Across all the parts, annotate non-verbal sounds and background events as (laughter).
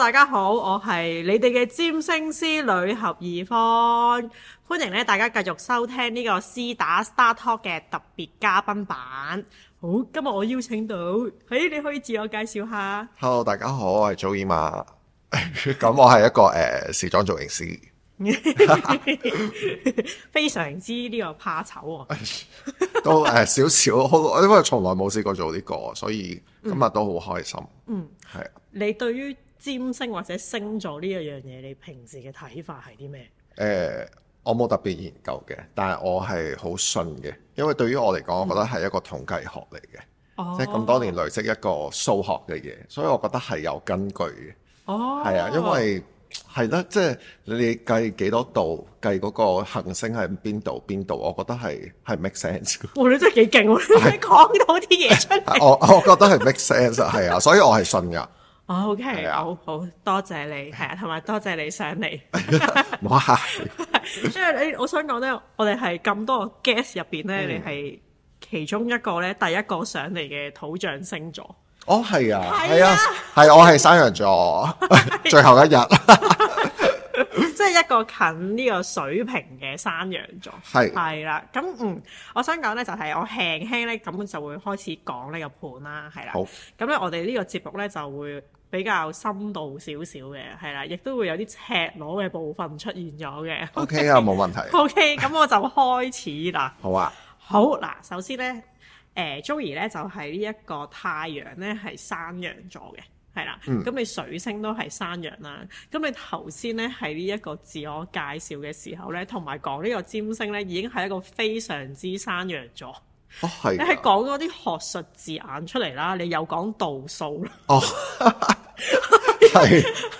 大家好，我係你哋嘅占星師女俠二方。歡迎咧大家繼續收聽呢個私打 Star Talk 嘅特別嘉賓版。好，今日我邀請到，誒，你可以自我介紹下。Hello，大家好，我係 Joey Ma，咁 (laughs) 我係一個誒、 (laughs) 呃、時裝造型師， (laughs) (laughs) 非常之呢個怕醜啊， (laughs) 都誒少少，我、呃、因為從來冇試過做呢、這個，所以今日都好開心。嗯，係、嗯、是你對於？占星或者星座呢一樣嘢，你平時嘅睇法係啲咩？誒、呃，我冇特別研究嘅，但係我係好信嘅，因為對於我嚟講，嗯、我覺得係一個統計學嚟嘅，哦、即係咁多年累積一個數學嘅嘢，所以我覺得係有根據嘅。哦，係啊，因為係啦，即係你計幾多度，計嗰個行星喺邊度邊度，我覺得係係 make sense。哇，你真係幾勁，你講是 (laughs) 到啲嘢出嚟。我我，我覺得係 make sense，係啊，所以我係信噶。 (laughs) (laughs) OK 好，好多謝你，係啊，同埋多謝你上嚟。唔好客。即係你，我想講咧，我哋係咁多個 guest 入邊咧，你係其中一個咧，第一個上嚟嘅土象星座。哦，係啊，係啊，係我係山羊座，最後一日。即係一個近呢個水平嘅山羊座。係。係啦，咁嗯，我想講咧，就係我輕輕咧，根本就會開始講呢個盤啦，係啦。好。咁咧，我哋呢個節目咧就會。比較深度少少嘅，係啦，亦都會有啲赤裸嘅部分出現咗嘅。OK 啊，冇問題。OK，咁我就開始啦。 (laughs) 好啊。好嗱，首先咧，誒、呃、Joey 咧就係呢一個太陽咧係山羊座嘅，係啦。嗯。咁你水星都係山羊啦。咁你頭先咧喺呢一個自我介紹嘅時候咧，同埋講呢個占星咧，已經係一個非常之山羊座。哦，係。你係講嗰啲學術字眼出嚟啦，你又講度數啦。哦。 (laughs) 係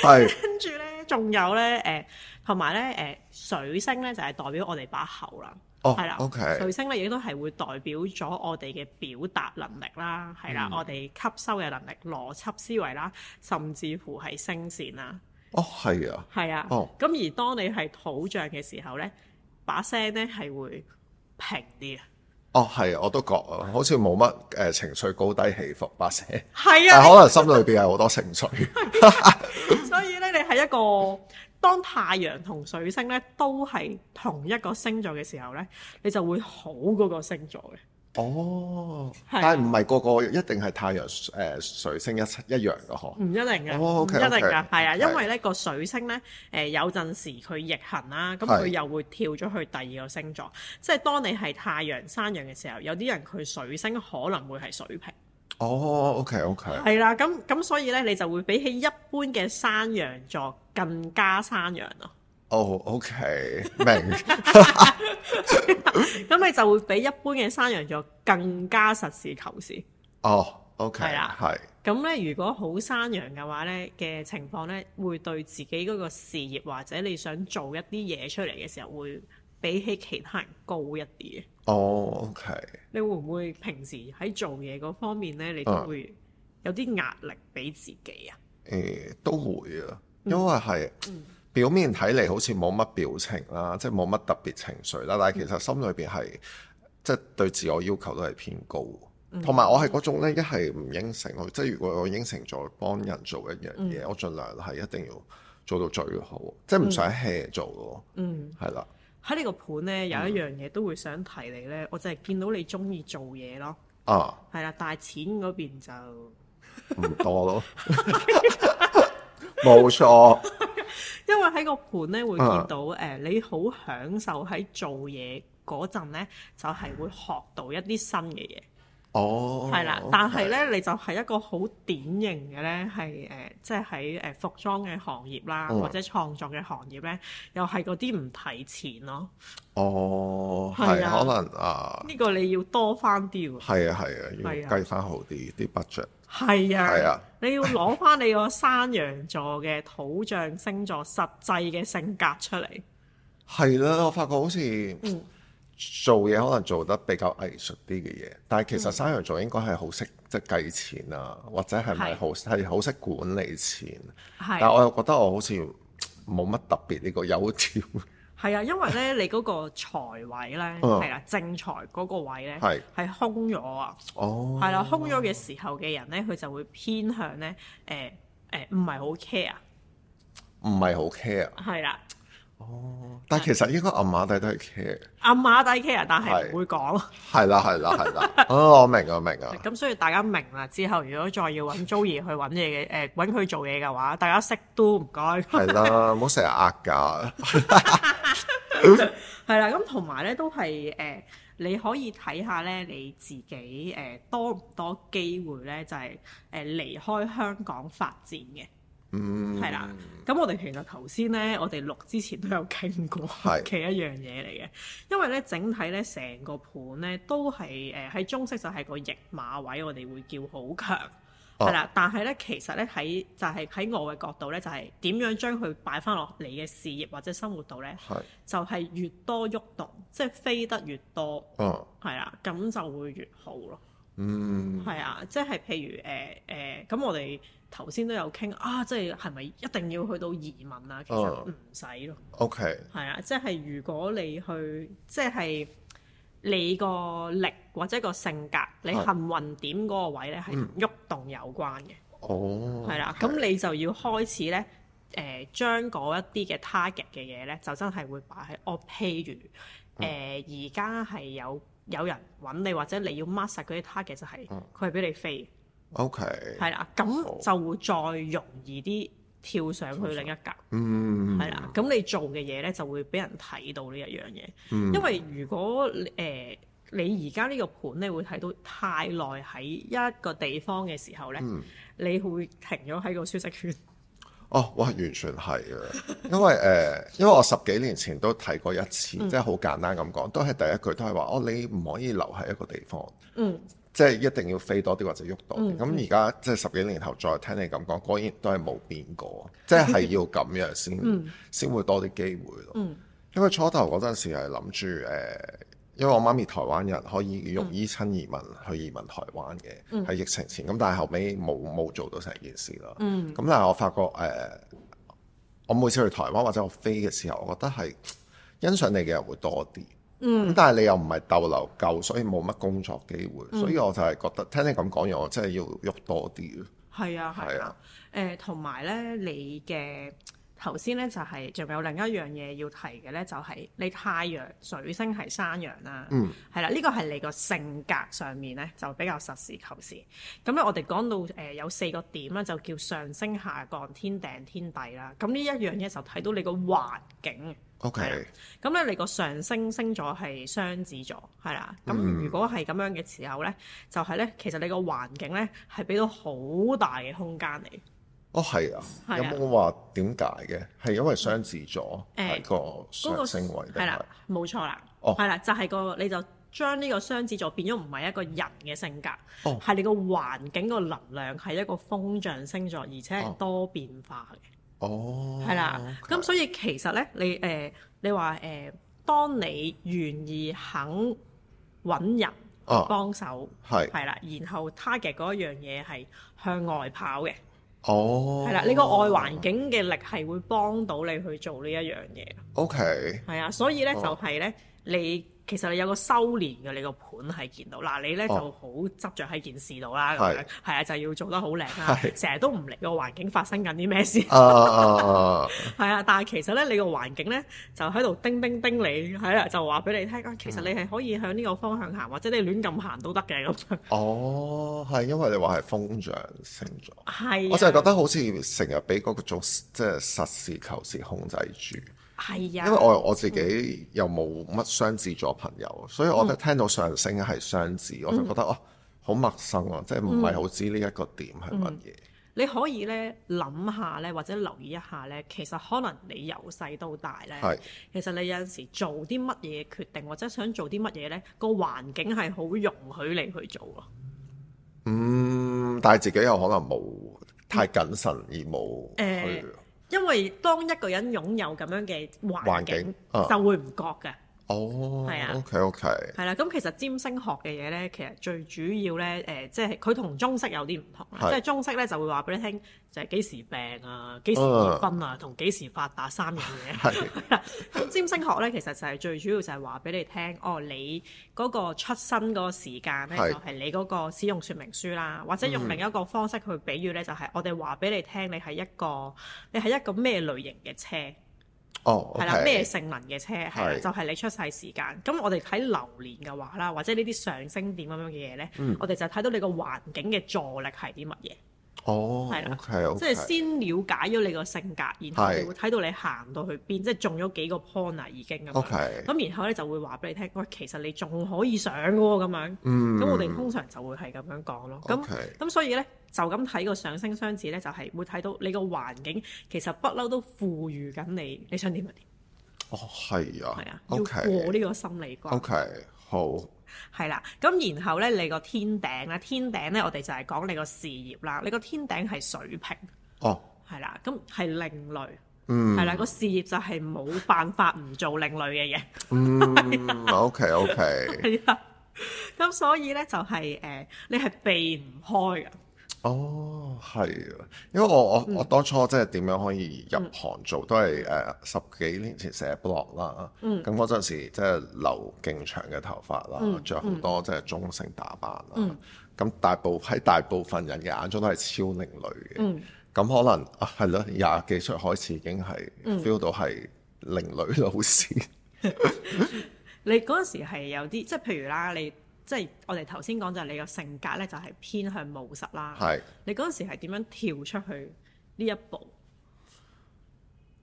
(laughs) 係， (laughs) 跟住咧，仲有咧，誒，同埋咧，誒，水星咧就係、係、代表我哋把口啦，係啦、oh,，OK，水星咧亦都係會代表咗我哋嘅表達能力啦，係啦，mm hmm. 我哋吸收嘅能力、邏輯思維啦，甚至乎係聲線啦。哦，係啊，係啊的，哦，咁而當你係土象嘅時候咧，把聲咧係會平啲。哦，係，我都覺啊，好似冇乜誒情緒高低起伏，百舍係啊，的但可能心裏邊有好多情緒 (laughs) ，所以咧你係一個當太陽同水星咧都係同一個星座嘅時候咧，你就會好嗰個星座嘅。哦，oh, 但係唔係個個一定係太陽誒、呃、水星一一樣嘅嗬，唔一定嘅，唔、oh, okay , okay, 一定嘅，係啊 okay, 的，因為呢個水星呢，誒有陣時佢逆行啦，咁佢又會跳咗去第二個星座。是的 即係當你係太陽山羊嘅時候，有啲人佢水星可能會係水瓶。哦、oh,，OK OK。係啦，咁咁所以呢，你就會比起一般嘅山羊座更加山羊啦。哦、oh,，OK，明。咁 (laughs) 你 (music) 就會比一般嘅山羊座更加實事求是、oh, okay, 是的。哦，OK，係啦，係。咁咧，如果好山羊嘅話咧嘅情況咧，會對自己嗰個事業或者你想做一啲嘢出嚟嘅時候，會比起其他人高一啲哦、oh,，OK。你會唔會平時喺做嘢嗰方面咧，你都會有啲壓力俾自己啊？誒、嗯，都、嗯、會啊，因為係。 (music) 表面睇嚟好似冇乜表情啦，即係冇乜特別情緒啦，但係其實心裏邊係即係對自我要求都係偏高，同埋、嗯、我係嗰種咧，一係唔應承佢，嗯、即係如果我應承咗幫人做一樣嘢，嗯、我儘量係一定要做到最好，即係唔想 hea 做嘅喎，嗯，係啦。喺呢個盤呢，有一樣嘢都會想提你呢，嗯、我就係見到你中意做嘢咯，啊，係啦，但係錢嗰邊就唔多咯。 (laughs) (laughs) 冇錯， (laughs) 因為喺個盤咧會見到，誒、uh. 呃，你好享受喺做嘢嗰陣咧，就係、是、會學到一啲新嘅嘢。哦，係啦，但係咧，你就係一個好典型嘅咧，係誒，即係喺誒服裝嘅行業啦，mm. 或者創作嘅行業咧，又係嗰啲唔提錢咯。哦、oh, 啊，係、啊、可能啊，呢、uh, 個你要多翻啲。係啊係啊，要計翻好啲啲 budget。係啊係啊，uh, 啊啊你要攞翻你個山羊座嘅土象星座實際嘅性格出嚟。係啦、啊，我發覺好似嗯。做嘢可能做得比較藝術啲嘅嘢，但係其實山羊座應該係好識即係計錢啊，或者係咪好係好識管理錢？係是，但係我又覺得我好似冇乜特別呢個優點。係啊，因為咧你嗰個財位咧係啦，正財嗰個位咧係係空咗啊，係啦、哦啊，空咗嘅時候嘅人咧，佢就會偏向咧誒誒唔係好 care，唔係好 care 係啦。哦，但其實應該暗馬底都係 care，暗馬底 care，但係唔會講。係啦係啦係啦，啊我明啊我明啊。咁所以大家明啦之後，如果再要揾 Joey 去揾嘢嘅，誒揾佢做嘢嘅話，大家識都唔該。係啦，唔好成日壓價。係啦，咁同埋咧都係誒，你可以睇下咧你自己誒多唔多機會咧，就係誒離開香港發展嘅。嗯，係啦。咁我哋其實頭先咧，我哋錄之前都有傾過嘅一樣嘢嚟嘅。是因為咧整體咧成個盤咧都係誒喺中式就係個驛馬位，我哋會叫好強，係啦、啊。但係咧其實咧喺就係、是、喺我嘅角度咧，就係、是、點樣將佢擺返落你嘅事業或者生活度咧是，就係越多喐動，即係飛得越多，係啦、啊，咁就會越好咯。嗯，係、mm hmm. 啊，即係譬如誒誒，咁、呃呃、我哋頭先都有傾啊，即係係咪一定要去到移民啊？其實唔使咯。Oh. OK。係啊，即係如果你去，即係你個力或者個性格，你幸運點嗰個位咧，係同喐動有關嘅。哦。係啦，咁你就要開始咧，誒將嗰一啲嘅 target 嘅嘢咧，就真係會擺喺我譬如誒而家係有。有人揾你或者你要抹 a 嗰啲，他其實係，佢係俾你飛。O K。係啦，咁就會再容易啲跳上去另一格。係啦，咁你做嘅嘢呢就會俾人睇到呢一樣嘢。嗯、因為如果誒你而家呢個盤呢會睇到太耐喺一個地方嘅時候呢，嗯、你會停咗喺個舒適圈。哦，oh, 哇，完全係啊！因為誒，uh, 因為我十幾年前都睇過一次， (laughs) 即係好簡單咁講，都係第一句都係話，哦，你唔可以留喺一個地方，嗯， (laughs) 即係一定要飛多啲或者喐多啲。咁而家即係十幾年後再聽你咁講，果然都係冇變過，即係要咁樣先，先 (laughs) 會多啲機會咯。 (laughs) (laughs) 因為初頭嗰陣時係諗住誒。Uh, 因為我媽咪台灣人，可以用依親移民、嗯、去移民台灣嘅，喺疫情前。咁但係後尾冇冇做到成件事啦。咁、嗯、但係我發覺誒、呃，我每次去台灣或者我飛嘅時候，我覺得係欣賞你嘅人會多啲。咁、嗯、但係你又唔係逗留夠，所以冇乜工作機會，嗯、所以我就係覺得聽你咁講嘢，我真係要喐多啲咯。係啊係啊，誒同埋咧，你嘅。頭先咧就係仲有另一樣嘢要提嘅咧，就係你太陽水星係山羊啦，係啦、嗯，呢個係你個性格上面咧就比較實事求是。咁咧我哋講到誒有四個點咧，就叫上升、下降、天頂、天底啦。咁呢一樣嘢就睇到你個環境。OK。咁咧你個上升升咗係雙子座，係啦。咁如果係咁樣嘅時候咧，就係、係、咧其實你個環境咧係俾到好大嘅空間嚟。哦，係啊，啊有冇話點解嘅？係因為雙子座係、欸、個上升位，係啦、那個，冇是錯啦。哦，係啦，就係個你就將呢個雙子座變咗唔係一個人嘅性格，係、哦、你個環境個能量係一個風象星座，而且係多變化嘅。哦，係啦、啊。咁 okay. 所以其實咧，你誒、呃、你話誒、呃，當你願意肯揾人幫手，係係、哦、是啦，然後 target 嗰一樣嘢係向外跑嘅。哦，係啦，你、呢個外環境嘅力係會幫到你去做呢一樣嘢。OK，係啊，所以咧、哦、就係咧你。其實你有個修煉嘅，你個盤係見到，嗱你咧、哦、就好執着喺件事度啦，係係啊，就要做得好靚啦，成日是 都唔理個環境發生緊啲咩事，係啊，但係其實咧你個環境咧就喺度叮叮叮你，係啊，就話俾你聽其實你係可以向呢個方向行，嗯、或者你亂咁行都得嘅咁樣。哦，係因為你話係風象升咗，係是的 我就係覺得好似成日俾嗰個種即係實事求是控制住。係啊，嗯、因為我我自己又冇乜雙子座朋友，嗯、所以我都聽到上升係雙子，嗯、我就覺得哦好陌生啊，即係唔係好知呢一個點係乜嘢？你可以咧諗下咧，或者留意一下咧，其實可能你由細到大咧，是其實你有陣時做啲乜嘢決定，或者想做啲乜嘢咧，個環境係好容許你去做咯。嗯，但係自己又可能冇太謹慎而冇去。嗯呃因為當一個人擁有咁樣嘅環境，環境啊、就會唔覺嘅。哦，係啊、oh，OK OK，係啦，咁其實占星學嘅嘢咧，其實最主要咧，誒、呃，即係佢同中式有啲唔同，是即係中式咧就會話俾你聽，就係、是、幾時病啊，幾時結婚啊，同幾、uh. 時發達三樣嘢、啊。係啦， (laughs) 咁占星學咧其實就係最主要就係話俾你聽， (laughs) 哦，你嗰個出生嗰個時間咧就係、是、你嗰個使用說明書啦，是或者用另一個方式去比喻咧，mm. 就係我哋話俾你聽，你係一個你係一個咩類型嘅車？哦，係啦、oh, okay.，咩性能嘅車，係就係你出世時間。咁我哋睇流年嘅話啦，或者呢啲上升點咁樣嘅嘢咧，mm. 我哋就睇到你個環境嘅助力係啲乜嘢。哦，係啦，即係先了解咗你個性格，然後你會睇到你行到去邊，是即係中咗幾個 point 已經咁。o Okay .咁然後咧就會話俾你聽，喂，其實你仲可以上喎、啊，咁樣。嗯。咁我哋通常就會係咁樣講咯。o Okay .咁，咁所以咧，就咁睇個上升相似咧，就係、是、會睇到你個環境其實不嬲都賦予緊你，你想點就點。哦，係啊。係啊。OK。要過呢個心理關。o、okay. 好。係啦，咁然後咧，你個天頂咧，天頂咧，我哋就係講你個事業啦。你個天頂係水瓶，哦、oh.，係啦，咁係另類，嗯、mm.，係啦，個事業就係冇辦法唔做另類嘅嘢，OK OK，係啊，咁所以咧就係、是、誒、呃，你係避唔開噶。哦，係啊，因為我我我當初即係點樣可以入行做，嗯、都係誒、uh, 十幾年前寫 blog 啦。咁嗰陣時即係留勁長嘅頭髮啦，着好、嗯嗯、多即係中性打扮啦。咁、嗯、大部喺大部分人嘅眼中都係超另類嘅。咁、嗯、可能係咯，廿、啊、幾歲開始已經係 feel 到係另類老師。你嗰陣時係有啲即係譬如啦，你。即係我哋頭先講就係你嘅性格咧，就係偏向務實啦。係是你嗰陣時係點樣跳出去呢一步？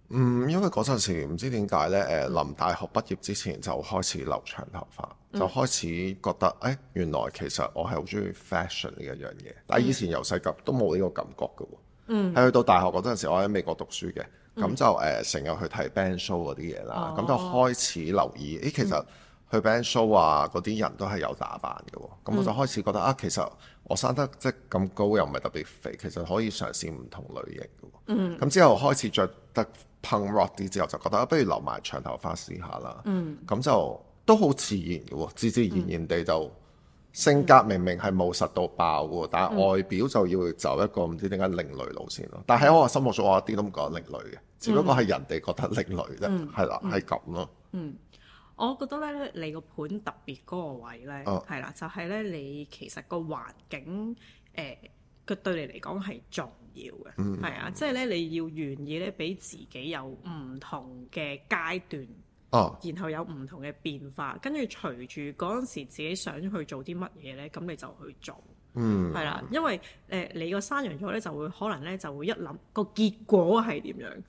嗯，因為嗰陣時唔知點解咧，誒、嗯，臨大學畢業之前就開始留長頭髮，嗯、就開始覺得誒、欸，原來其實我係好中意 fashion 呢一樣嘢。但係以前由細個都冇呢個感覺㗎喎。嗯，係去到大學嗰陣時，我喺美國讀書嘅，咁、嗯、就誒成日去睇 band show 嗰啲嘢啦，咁、哦、就開始留意誒、欸、其實、嗯。去 band show 啊，嗰啲人都係有打扮嘅、哦，咁我就開始覺得、嗯、啊，其實我生得即係咁高又唔係特別肥，其實可以嘗試唔同類型嘅、哦嗯嗯。嗯，咁之後開始着得 punk rock 啲之後，就覺得不如留埋長頭髮試下啦。嗯，咁就都好自然嘅喎、哦，自自然然地就、嗯、性格明明係冇實到爆嘅，嗯、但係外表就要走一個唔知點解另類路線咯。嗯、但喺我心目中，我一啲都唔覺得另類嘅，只不過係人哋覺得另類咧，係啦，係咁咯。嗯。嗯嗯。我覺得咧，你個盤特別嗰個位咧，係啦，就係咧，你其實個環境誒，佢、呃、對你嚟講係重要嘅，係、mm hmm. 啊，即係咧，你要願意咧，俾自己有唔同嘅階段，oh. 然後有唔同嘅變化，跟住隨住嗰陣時自己想去做啲乜嘢咧，咁你就去做，嗯、mm，係、hmm. 啦、啊，因為誒、呃，你個山羊座咧就會可能咧就會一諗個結果係點樣。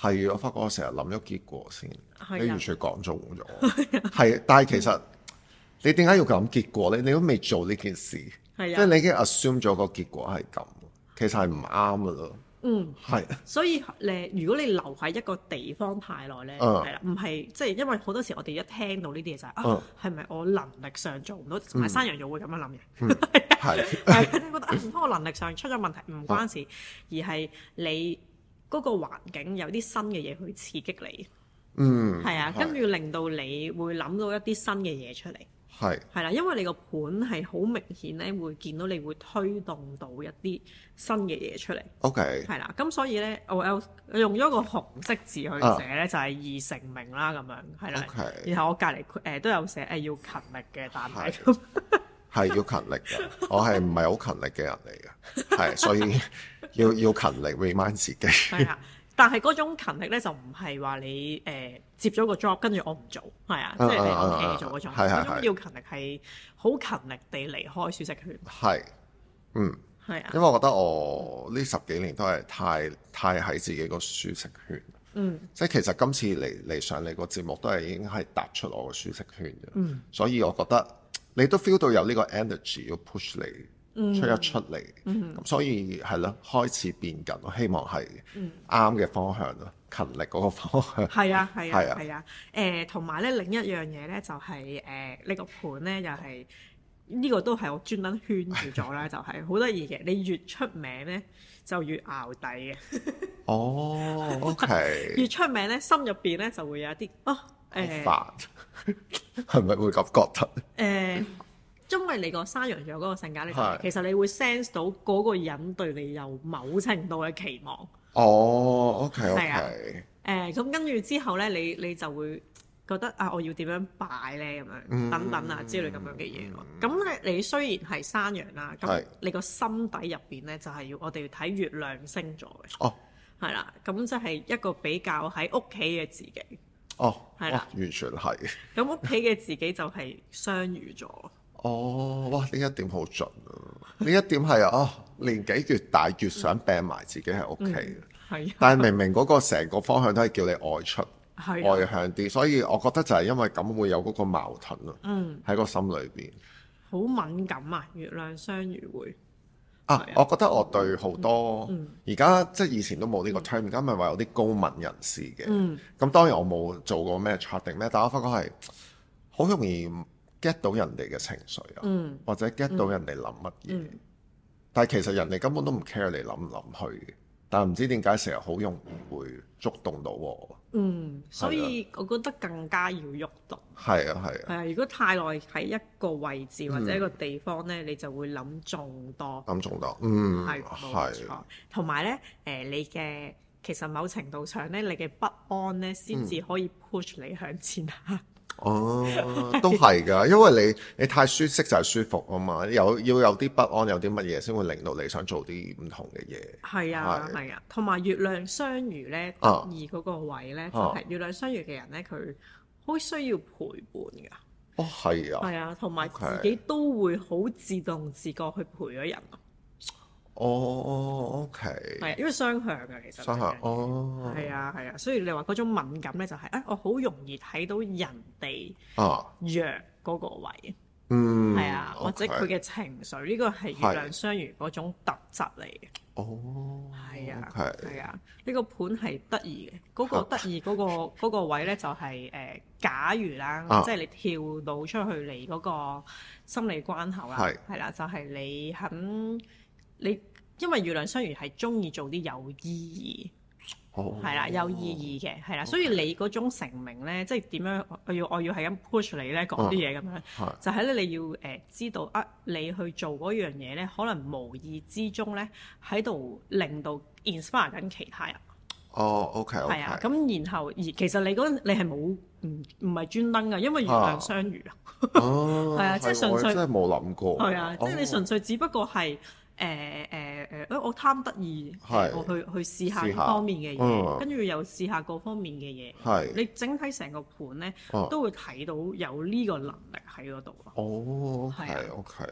係，我發覺我成日諗咗結果先，你完全講中咗。係，但係其實你點解要諗結果咧？你都未做呢件事，即係你已經 assume 咗個結果係咁，其實係唔啱嘅咯。嗯，係。所以咧，如果你留喺一個地方太耐咧，係啦，唔係即係因為好多時我哋一聽到呢啲嘢就係啊，係咪我能力上做唔到？同埋山羊又會咁樣諗嘅，係。係，佢哋覺得唔通我能力上出咗問題，唔關事，而係你。嗰個環境有啲新嘅嘢去刺激你，嗯，係啊，跟住是令到你會諗到一啲新嘅嘢出嚟，係係啦，因為你個盤係好明顯咧，會見到你會推動到一啲新嘅嘢出嚟，OK，係啦、啊，咁所以咧，我有用咗個紅色字去寫咧，oh. 就係易成名啦，咁樣係啦，啊、Okay. 然後我隔籬誒都有寫誒要勤力嘅，但係是。 (laughs) 係 (laughs) 要勤力嘅，我係唔係好勤力嘅人嚟嘅，係所以要要勤力 remind 自己。係啊， (laughs) 但係嗰種勤力咧就唔係話你誒、呃、接咗個 job 跟住我唔做，係啊，即係你 O K 做嗰種。係係要勤力係好勤力地離開舒適圈。係，嗯，係啊的。因為我覺得我呢十幾年都係太太喺自己個舒適圈。嗯，即係其實今次嚟嚟上你個節目都係已經係踏出我嘅舒適圈嘅。嗯，所以我覺得。你都 feel 到有呢個 energy 要 push 你出一出嚟，咁、嗯嗯、所以係咯，開始變緊。我希望係啱嘅方向咯，嗯、勤力嗰個方向。係啊，係啊，係啊。誒，同埋咧另一樣嘢咧，就係、是、誒、呃、呢、呢個盤咧，又係呢個都係我專登圈住咗啦，就係好得意嘅。你越出名咧，就越熬底嘅。 (laughs) 哦，OK。越出名咧，心入邊咧就會有一啲啊～、哦煩，係咪 (laughs) 會咁覺得？誒， (laughs) 因為你個山羊座嗰個性格咧，是其實你會 sense 到嗰個人對你有某程度嘅期望。哦，OK，係、okay. 啊。誒、嗯，咁跟住之後咧，你你就會覺得啊，我要點樣擺咧？咁樣等等啊之類咁樣嘅嘢咯。咁咧、嗯，你雖然係山羊啦，咁是你個心底入邊咧就係要我哋要睇月亮星座嘅。哦、啊，係啦，咁即係一個比較喺屋企嘅自己。哦，係啦，完全係。咁屋企嘅自己就係雙魚座。哦，哇，呢、 (laughs) 哦、一點好準啊！呢 (laughs) 一點係啊，啊、哦，年紀越大越想病埋自己喺屋企。係、嗯。但係明明嗰個成個方向都係叫你外出，外向啲，所以我覺得就係因為咁會有嗰個矛盾咯、啊。嗯。喺個心裏邊。好敏感啊！月亮雙魚會。啊！我覺得我對好多而家、嗯嗯、即係以前都冇呢個 term，而家咪話有啲高敏人士嘅。咁、嗯、當然我冇做過咩確定咩，但我發覺係好容易 get 到人哋嘅情緒啊，嗯、或者 get 到人哋諗乜嘢。嗯嗯、但係其實人哋根本都唔 care 你諗唔諗去，但唔知點解成日好容易會觸動到我。嗯，um, 的所以我覺得更加要喐動，動。係啊，係啊。係啊，如果太耐喺一個位置或者一個地方咧，嗯、你就會諗重多。諗重多，嗯，係冇錯。同埋咧，誒的、呃，你嘅其實某程度上咧，你嘅不安咧，先至可以 push 你向前行，嗯。 (laughs) 哦，都係噶 (laughs) 因為你你太舒適就係舒服啊嘛，有要有啲不安，有啲乜嘢先會令到你想做啲唔同嘅嘢。係啊係啊，同埋是、啊、月亮雙魚咧二嗰個位咧，係、啊、月亮雙魚嘅人咧，佢好需要陪伴噶。哦，係啊，係啊，同埋自己都會好自動自覺去陪咗人。Okay。哦，OK，哦，哦，係因為雙向嘅其實，雙向哦，係啊係啊，所以你話嗰種敏感咧，就係誒，我好容易睇到人哋弱嗰個位，嗯，係啊，或者佢嘅情緒呢個係月亮雙魚嗰種特質嚟嘅，哦，係啊係啊，呢個盤係得意嘅嗰個得意嗰個位咧就係誒，假如啦，即係你跳到出去嚟嗰個心理關口啦，係係啦，就係你肯。你因為月亮雙魚係中意做啲有意義，係啦有意義嘅係啦，所以你嗰種成名咧，即係點樣？我要我要係咁 push 你咧，講啲嘢咁樣，就係咧你要誒知道啊！你去做嗰樣嘢咧，可能無意之中咧喺度令到 inspire 緊其他人。哦，OK，係啊。咁然後而其實你嗰陣你係冇唔唔係專登嘅，因為月亮雙魚啊，係啊，即係純粹。我真係冇諗過。係啊，即係你純粹只不過係。誒誒誒，我我貪得意，我去去試下方面嘅嘢，跟住又試下各方面嘅嘢。係，你整體成個盤咧，都會睇到有呢個能力喺嗰度。哦，係，OK，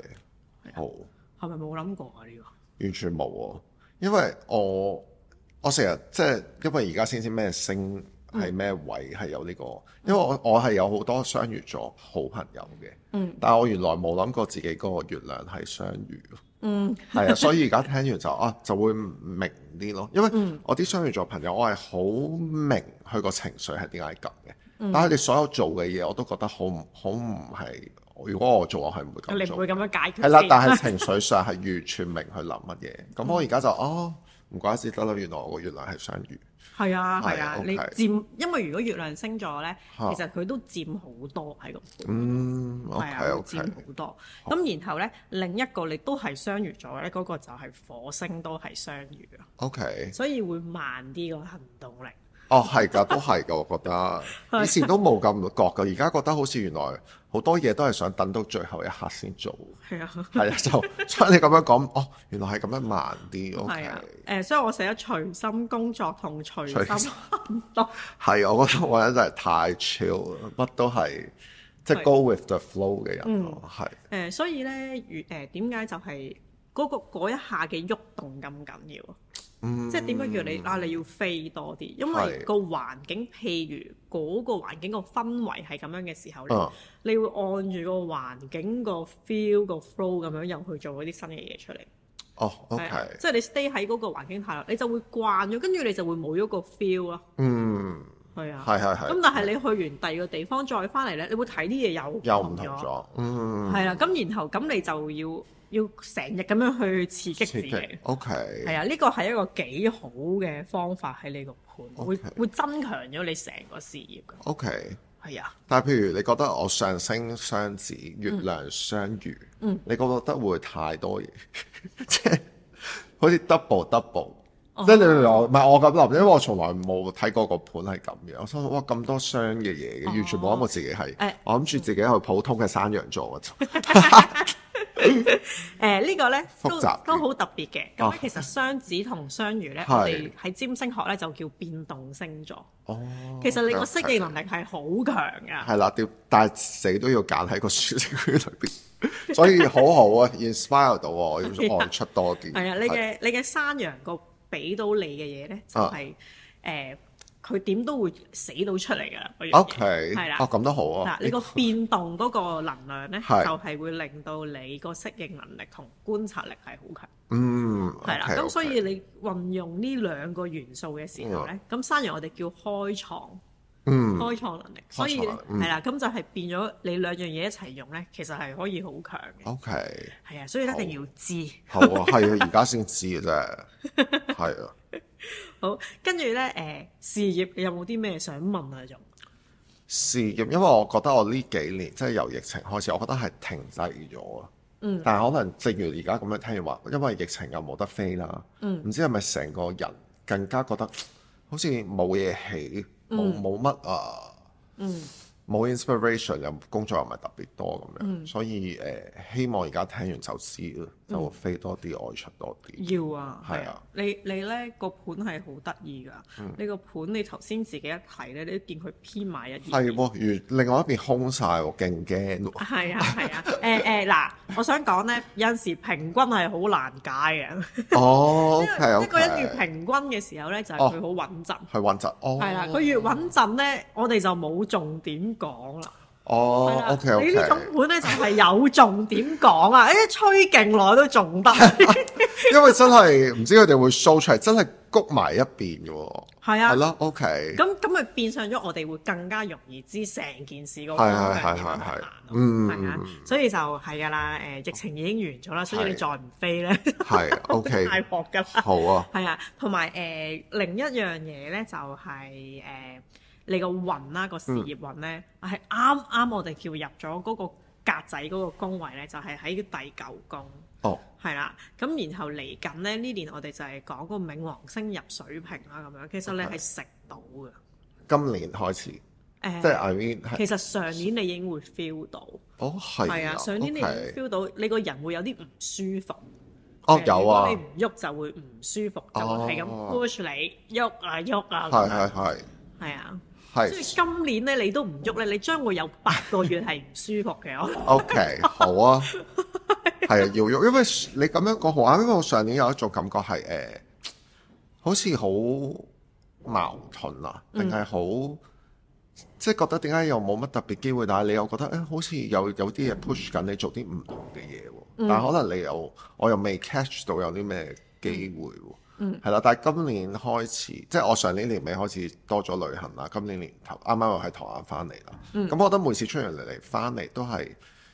好。係咪冇諗過啊？呢個完全冇，因為我我成日即係因為而家先知咩星。係咩位係有呢個？因為我我係有好多雙魚座好朋友嘅，嗯、但係我原來冇諗過自己嗰個月亮係雙魚。嗯，係 (laughs) 啊，所以而家聽完就啊，就會明啲咯。因為我啲雙魚座朋友，我係好明佢個情緒係點解咁嘅。嗯、但係你所有做嘅嘢，我都覺得好唔好唔係。如果我做，我係唔會咁。你唔會咁樣解決？係 (laughs) 啦，但係情緒上係完全明佢諗乜嘢。咁我而家就、嗯、哦。唔怪事得啦，原來我個月亮係雙魚。係啊，係啊，啊 okay. 你佔，因為如果月亮升咗咧，Huh. 其實佢都佔好多喺度。嗯、hmm,，OK o、okay, 啊，佔好多，咁 okay. 然後咧，另一個你都係雙魚咗，咧，嗰個就係火星都係雙魚啊。OK。所以會慢啲個行動力。哦，係噶，都係噶，我覺得以前都冇咁覺噶，而家覺得好似原來好多嘢都係想等到最後一刻先做。係啊，係啊，就聽你咁樣講， (laughs) 哦，原來係咁樣慢啲咯。係啊的，誒 okay,、呃，所以我寫咗隨心工作同隨心行動。係心， (laughs) 我覺得我咧真係太 chill，乜都係即係 go with the flow 嘅人咯，係。誒、嗯的呃，所以咧，如、呃、誒，點解就係嗰、那個嗰一下嘅喐動咁緊要？嗯、即係點解叫你、嗯、啊？你要飛多啲，因為個環境，譬如嗰個環境個氛圍係咁樣嘅時候咧，哦、你會按住嗰個環境個 feel 個 flow 咁樣又去做嗰啲新嘅嘢出嚟。哦，OK，即係你 stay 喺嗰個環境下，你就會慣咗，跟住你就會冇咗個 feel 咯。嗯。係啊，係係係。咁的但係你去完第二個地方的再翻嚟咧，你會睇啲嘢又唔同咗，嗯，係啦。咁然後咁你就要要成日咁樣去刺激自己激，OK，係啊。呢個係一個幾好嘅方法喺你個盤，okay, 會會增強咗你成個事業。OK，係啊的。但係譬如你覺得我上升雙子、月亮雙魚，嗯嗯、你覺得會,會太多嘢，即 (laughs) 係 (laughs) 好似 double double。即係例如唔係我咁諗，因為我從來冇睇過個盤係咁樣，我心諗哇咁多雙嘅嘢，嘅，完全冇諗過自己係，我諗住自己係普通嘅山羊座嗰種。誒呢個咧都都好特別嘅。咁其實雙子同雙魚咧，係喺占星學咧就叫變動星座。哦，其實你個適應能力係好強㗎。係啦，但係死都要揀喺個舒適區裏邊，所以好好啊，inspire 到我，要按出多啲。係啊，你嘅你嘅山羊局。俾到你嘅嘢咧，就係、是、誒，佢點、啊呃、都會死到出嚟噶。O K，係啦，哦咁都好啊。嗱，你個變動嗰個能量咧， (laughs) 就係會令到你個適應能力同觀察力係好強。嗯，係啦。咁所以你運用呢兩個元素嘅時候咧，咁 okay,、嗯、山羊我哋叫開創。嗯，開創能力，能力所以係啦，咁就係變咗你兩樣嘢一齊用咧，其實係可以好強嘅。O K，係啊，所以一定要知。好啊，係啊，而家先知嘅啫。係，啊。好，跟住咧，誒、呃、事業，你有冇啲咩想問啊？仲事業，因為我覺得我呢幾年即係由疫情開始，我覺得係停滯咗啊。嗯，但係可能正如而家咁樣聽話，因為疫情又冇得飛啦。嗯，唔知係咪成個人更加覺得好似冇嘢起。冇冇乜啊！嗯。冇 inspiration 又工作又唔係特別多咁樣，所以誒希望而家聽完就知咯，就會飛多啲外出多啲。要啊，係啊，你你咧個盤係好得意㗎，呢個盤你頭先自己一睇咧，你都見佢偏埋一係喎，而另外一邊空晒喎，驚唔驚？係啊係啊，誒誒嗱，我想講咧有陣時平均係好難解嘅。哦，OK OK，呢個平均嘅時候咧就係佢好穩陣，係穩陣。哦，係啦，佢越穩陣咧，我哋就冇重點。講啦，哦，O K O K，你呢種款咧就係有重點講啊，一吹勁耐都仲得，因為真係唔知佢哋會 show 出嚟，真係谷埋一邊嘅喎，係 (music) 啊，係咯，O K，咁咁咪變相咗我哋會更加容易知成件事個係係係係係，嗯，係啊，所以就係噶啦，誒、呃，疫情已經完咗啦，所以你再唔飛咧，係 O K，太薄噶啦， (music) okay. (laughs) 好啊，係啊，同埋誒，另一樣嘢咧就係、是、誒。呃你個運啦，個事業運咧，係啱啱我哋叫入咗嗰個格仔嗰個宮位咧，就係喺第九宮。哦，係啦。咁然後嚟緊咧呢年我哋就係講個冥王星入水瓶啦咁樣，其實你係食到嘅。今年開始，即係 I mean。其實上年你已經會 feel 到。哦，係。係啊，上年你 feel 到你個人會有啲唔舒服。哦，有啊。你唔喐就會唔舒服，就係咁 push 你喐啊喐啊咁樣。係係係啊。所以是今年咧，你都唔喐咧，你將會有八個月係唔舒服嘅。 (laughs) o、okay, K，好啊，係 (laughs) 啊，要喐，因為你咁樣講好啱。因為我上年有一種感覺係誒、呃，好似好矛盾啊，定係好，嗯、即係覺得點解又冇乜特別機會，但係你又覺得誒，好似有有啲嘢 push 緊你做啲唔同嘅嘢喎，嗯、但係可能你又我又未 catch 到有啲咩機會喎。嗯嗯，係啦，但係今年開始，即係我上年年尾開始多咗旅行啦。今年年頭啱啱又喺台灣翻嚟啦。嗯，咁我覺得每次出完嚟翻嚟都係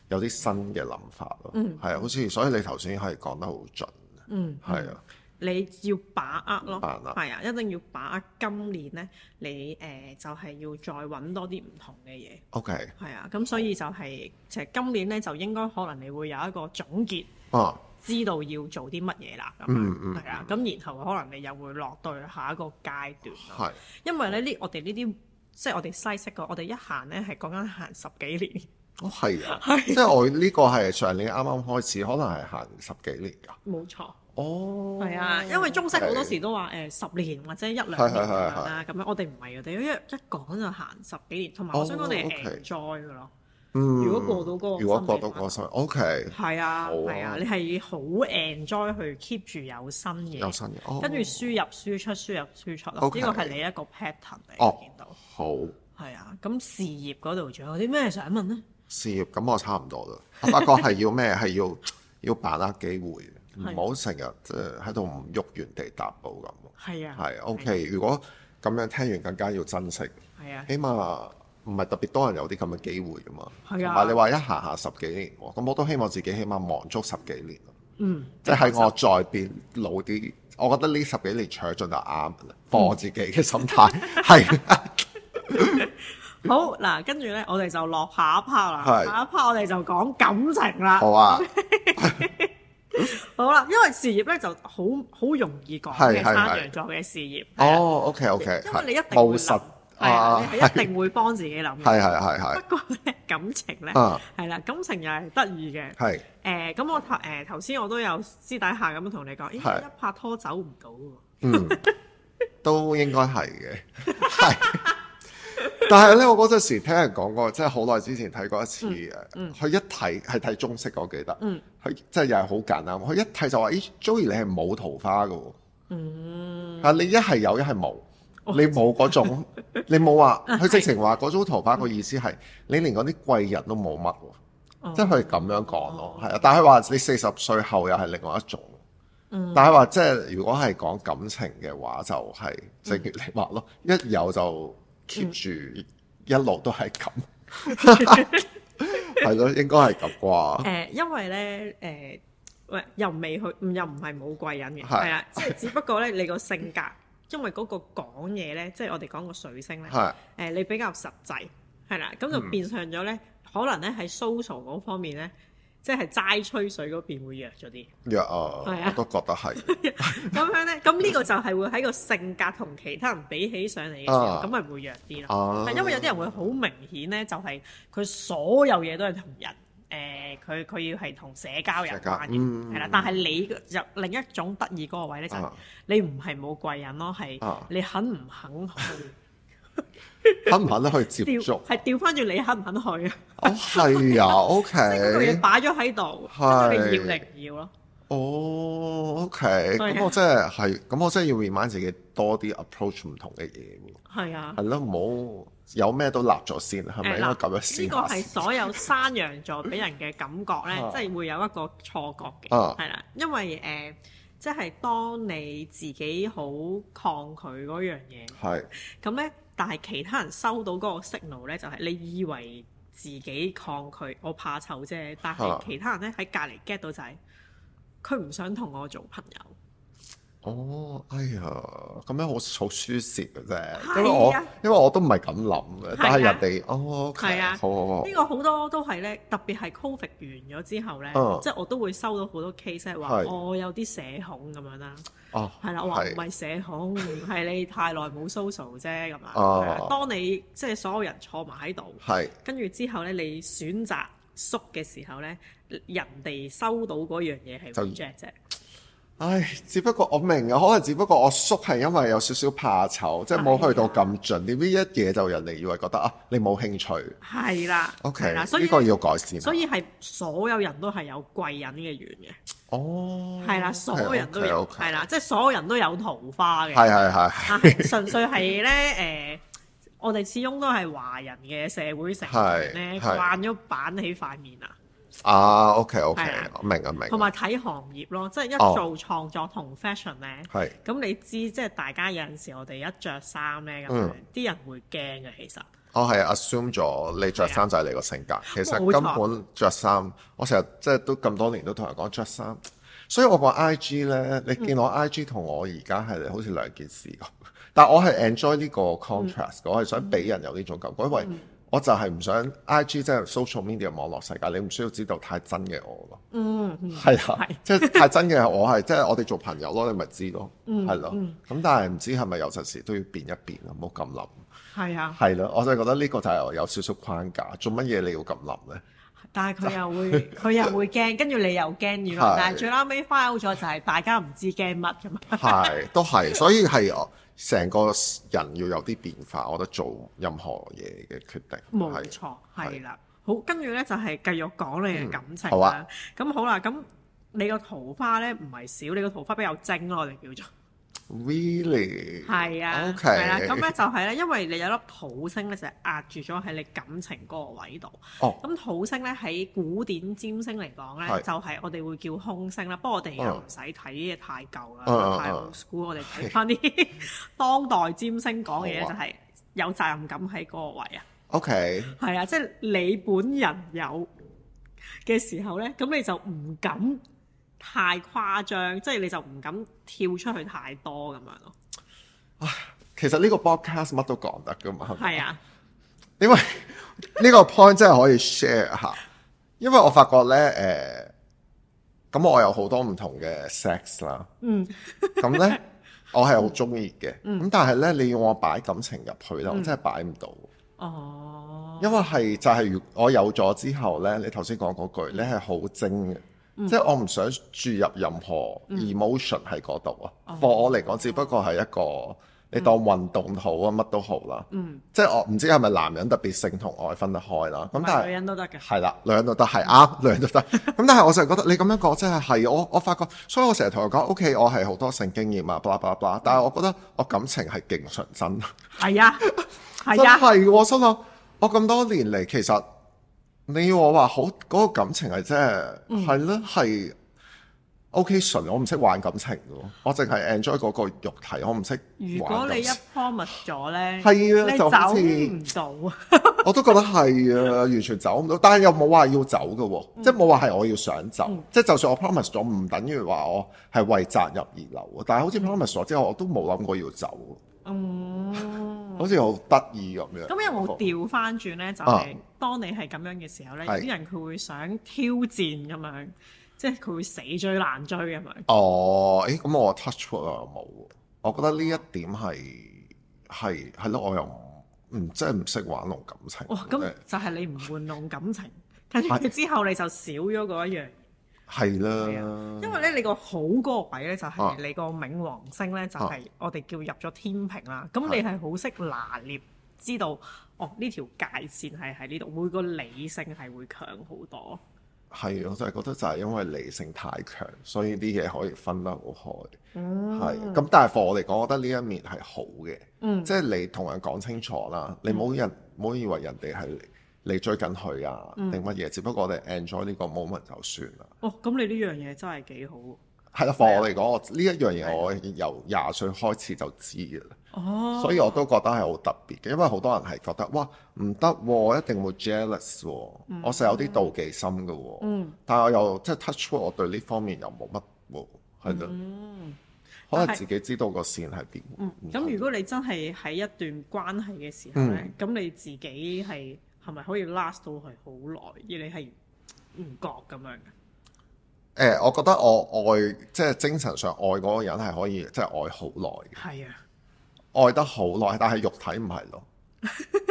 有啲新嘅諗法咯。嗯，係啊，好似所以你頭先可以講得好準。嗯，係啊的。你要把握咯，把握，係啊，一定要把握今年咧。你誒、呃、就係、是、要再揾多啲唔同嘅嘢。OK。係啊，咁所以就係、是，其實今年咧就應該可能你會有一個總結。哦、啊。知道要做啲乜嘢啦，咁樣係啊，咁然後可能你又會落到下一個階段。係，因為咧呢，我哋呢啲即係我哋西式嘅，我哋一行咧係講緊行十幾年。哦，係啊，即係我呢個係上年啱啱開始，可能係行十幾年㗎。冇錯。哦。係啊，因為中式好多時都話誒十年或者一兩年啦咁樣，我哋唔係，我哋一一講就行十幾年，同埋我相信我哋 enjoy 㗎咯。嗯，如果過到嗰個，如果過到嗰個，就 OK。係啊，係啊，你係好 enjoy 去 keep 住有新嘢，有新嘢，跟住輸入輸出、輸入輸出咯。呢個係你一個 pattern 嚟。哦，見到好。係啊，咁事業嗰度仲有啲咩想問呢？事業咁我差唔多啦。不過係要咩？係要要把握機會，唔好成日即係喺度唔喐原地踏步咁。係啊，係 OK。如果咁樣聽完，更加要珍惜。係啊，起碼。唔係特別多人有啲咁嘅機會㗎嘛，同埋你話一下下十幾年，咁我都希望自己起碼忙足十幾年。嗯，即係我再變老啲，我覺得呢十幾年取進就啱，放我自己嘅心態係。好嗱，跟住呢，我哋就落下一趴啦。下一趴，我哋就講感情啦。好啊。好啦，因為事業呢就好好容易講嘅，太陽座嘅事業。哦，OK OK，因為你一定會實。係啊，係一定會幫自己諗，係係係係。不過咧感情咧，係啦，感情又係得意嘅。係、啊。誒，咁我誒，頭先我都有私底下咁同你講，咦一，拍拖走唔到？嗯，嗯，都應該係嘅。係。 (laughs) (laughs) (laughs) 但係咧，我嗰陣時聽人講過，即係好耐之前睇過一次。嗯。佢、嗯、一睇係睇中式，我記得。嗯。佢即係又係好簡單，佢一睇就話：咦、欸、Joey 你係冇桃花噶？嗯。吓你一係有，一係冇。 (noise) 你冇嗰種，你冇話，佢直情話嗰種桃花嘅意思係，你連嗰啲貴人都冇乜喎，即係佢咁樣講咯，係啊，但係話你四十歲後又係另外一種，mm. 但係話即係如果係講感情嘅話，就係、是、正如你話咯，mm. 一有就 keep 住一路都係咁，係咯、mm. (laughs) (laughs) 應該係咁啩。誒、呃，因為咧，誒，喂，又未去，又唔係冇貴人嘅，係啊，即係只不過咧，你個性格。因為嗰個講嘢咧，即、就、係、是、我哋講個水星咧，誒的、呃、你比較實際，係啦，咁就變相咗咧，嗯、可能咧喺 social 嗰方面咧，即係齋吹水嗰邊會弱咗啲。弱啊 Yeah、uh, 的，我都覺得係。咁 (laughs) 樣咧，咁呢個就係會喺個性格同其他人比起上嚟嘅時候，咁咪、uh, 會弱啲咯。係、uh, 因為有啲人會好明顯咧，就係、是、佢所有嘢都係同人。誒，佢佢要係同社交人關，係啦。但係你入另一種得意嗰個位咧，就係你唔係冇貴人咯，係你肯唔肯去？肯唔肯去接觸？係調翻轉你肯唔肯去啊？哦，係啊，OK。即係擺咗喺度，即係你要定要咯。哦，OK。咁我真係係，咁我真係要 remind 自己多啲 approach 唔同嘅嘢。係啊。係唔好。有咩都立咗先，係咪了應該咁樣？呢個係所有山羊座俾人嘅感覺咧， (laughs) 即係會有一個錯覺嘅，係啦， (laughs) 因為誒、呃，即係當你自己好抗拒嗰樣嘢，係咁咧，但係其他人收到嗰個 signal 咧，就係、是、你以為自己抗拒，我怕醜啫，但係其他人咧喺隔離 get 到就係佢唔想同我做朋友。哦，哎呀，咁樣好好輸蝕嘅啫，因為我因為我都唔係咁諗嘅，但係人哋哦，係啊，好好呢個好多都係咧，特別係 COVID 完咗之後咧，即係我都會收到好多 case 係話我有啲社恐咁樣啦，哦，係啦，我話唔係社恐，係你太耐冇 social 啫，咁啊，當你即係所有人坐埋喺度，係，跟住之後咧你選擇縮嘅時候咧，人哋收到嗰樣嘢係 reject 啫。唉，只不過我明啊，可能只不過我叔係因為有少少怕醜，即係冇去到咁盡，點知一嘢就人哋以為覺得啊，你冇興趣。係啦，OK 啦，所以呢個要改善。所以係所有人都係有貴人嘅緣嘅。哦，係啦，所有人都係啦，即係所有人都有桃花嘅。係係係，純粹係咧誒，我哋始終都係華人嘅社會成員咧，慣咗板起塊面啊。啊，OK OK，我的明我明。同埋睇行業咯，哦、即係一做創作同 fashion 咧，咁的你知即係大家有陣時我哋一着衫咧咁，啲人會驚嘅其實。哦，係 assume 咗你着衫就係你個性格，的其實根本着衫，錯我成日即係都咁多年都同人講着衫，所以我個 IG 咧，你見我 IG 同我而家係好似兩件事，嗯、但係我係 enjoy 呢個 contrast，我係想俾人有呢種感覺，嗯、因為。我就係唔想 IG 即係 social media 網絡世界，你唔需要知道太真嘅我咯、嗯。嗯，係啊，即係太真嘅我係即係我哋做朋友咯，你咪知道咯，係咯、啊。咁、嗯嗯、但係唔知係咪有陣時都要變一變唔好咁諗。係啊，係咯、啊，我就覺得呢個就係有少少框架，做乜嘢你要咁諗咧？但係佢又會佢、就是、 (laughs) 又會驚，跟住你又驚，原是但係最後尾 file 咗就係大家唔知驚乜嘅嘛，係 (laughs) 都係，所以係。成個人要有啲變化，我覺得做任何嘢嘅決定，冇錯，係啦。好，跟住呢，就係、是、繼續講你嘅感情啦。咁、嗯、好啦、啊，咁、啊、你個桃花呢唔係少，你個桃花比較精咯、啊，我哋叫做。Really 係啊，係啦 Okay.、啊，咁咧就係咧，因為你有粒土星咧，就係壓住咗喺你感情嗰個位度。哦，咁土星咧喺古典占星嚟講咧，oh. 就係我哋會叫空星啦。不過我哋又唔使睇嘢太舊啦，太 old school、oh. oh. 我哋睇翻啲當代占星講嘅嘢、oh. 就係有責任感喺嗰個位 Okay. 啊。OK，係啊，即係你本人有嘅時候咧，咁你就唔敢，太誇張，即係你就唔敢跳出去太多咁樣咯、啊。其實呢個 broadcast 乜都講得噶嘛。係啊，因為呢 (laughs) 個 point 真係可以 share 下，因為我發覺咧，誒、呃，咁我有好多唔同嘅 sex 啦。嗯。咁 (laughs) 咧，我係好中意嘅。咁、嗯、但係咧，你要我擺感情入去咧，我真係擺唔到。哦。因為係就係、係，我有咗之後咧，你頭先講嗰句，你係好精嘅。即係我唔想注入任何 emotion 喺嗰度啊 for 我嚟講，只不過係一個你當運動好啊，乜都好啦。嗯，即係我唔知係咪男人特別性同愛分得開啦。咁但係女人都得嘅。係啦，女人都得係啊。女人都得。咁但係我成日覺得你咁樣講，即係係我我發覺，所以我成日同佢講，OK，我係好多性經驗啊，blah blah blah 但係我覺得我感情係勁純真。係啊，係啊，係我心諗我咁多年嚟，其實。你要我話好嗰、那個感情係真係，係咧係，O K 純，我唔識玩感情噶，我淨係 enjoy 嗰個肉體，我唔識。如果你一 promise 咗咧，係啊的，你就好似你走唔到。 (laughs) 我都覺得係啊，完全走唔到。但係又冇話要走噶，嗯、即係冇話係我要想走。嗯、即係就算我 promise 咗，唔等於話我係為責任而留。但係好似 promise 咗之後，我都冇諗過要走。嗯， (laughs) 好似好得意咁樣。咁有冇調翻轉咧？嗯、就係當你係咁樣嘅時候咧，是有啲人佢會想挑戰咁樣，即係佢會死追難追咁樣。哦，誒、欸，咁我 touch wood 又冇，我覺得呢一點係係係咯，我又唔唔即係唔識玩弄感情。哇、哦，咁就係你唔玩弄感情，睇住佢之後你就少咗嗰一樣。係啦，因為咧你個好嗰個位咧就係你個冥王星咧就係我哋叫入咗天平啦，咁、啊、你係好識拿捏，知道的哦呢條界線係喺呢度，會個理性係會強好多。係，我就係覺得就係因為理性太強，所以啲嘢可以分得好開。嗯，咁但係 for 我嚟講，我覺得呢一面係好嘅。嗯、即係你同人講清楚啦，你冇人冇、嗯、以為人哋係。你追緊佢啊？定乜嘢？只不過我哋 enjoy 呢個 moment 就算啦。哦，咁你呢樣嘢真係幾好。係啦，放我嚟講，的我呢一樣嘢我由廿歲開始就知嘅啦。哦，所以我都覺得係好特別嘅，因為好多人係覺得哇唔得，啊、我一定會 jealous、啊。嗯、我成日有啲妒忌心嘅、啊。嗯、啊、嗯。但係我又即係 touch 我對呢方面又冇乜喎，係咯。可能自己知道個線係點。咁、嗯、如果你真係喺一段關係嘅時候咧，咁你自己係？嗯係咪可以 last 到佢好耐？而你係唔覺咁樣嘅？誒、欸，我覺得我愛即係、就是、精神上愛嗰個人係可以即係、就是、愛好耐嘅。係啊，愛得好耐，但係肉體唔係咯。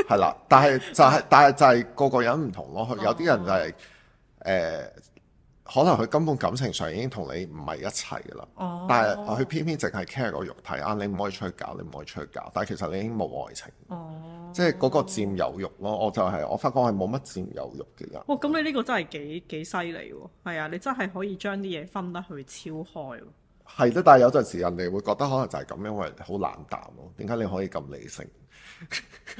係啦， (laughs) 但係就係、是、 (laughs) 但係就係、是、個個人唔同咯。有啲人就係、是、誒。 (laughs) 欸可能佢根本感情上已經同你唔係一齊嘅啦，哦、但係佢偏偏淨係 care 個肉體啊！你唔可以出去搞，你唔可以出去搞，但係其實你已經冇愛情，哦、即係嗰個佔有慾咯。我就係、是、我發覺係冇乜佔有慾嘅人。哇、哦！咁你呢個真係幾幾犀利喎！係啊，你真係可以將啲嘢分得去超開。係啦，但係有陣時人哋會覺得可能就係咁樣，因為好冷淡咯。點解你可以咁理性？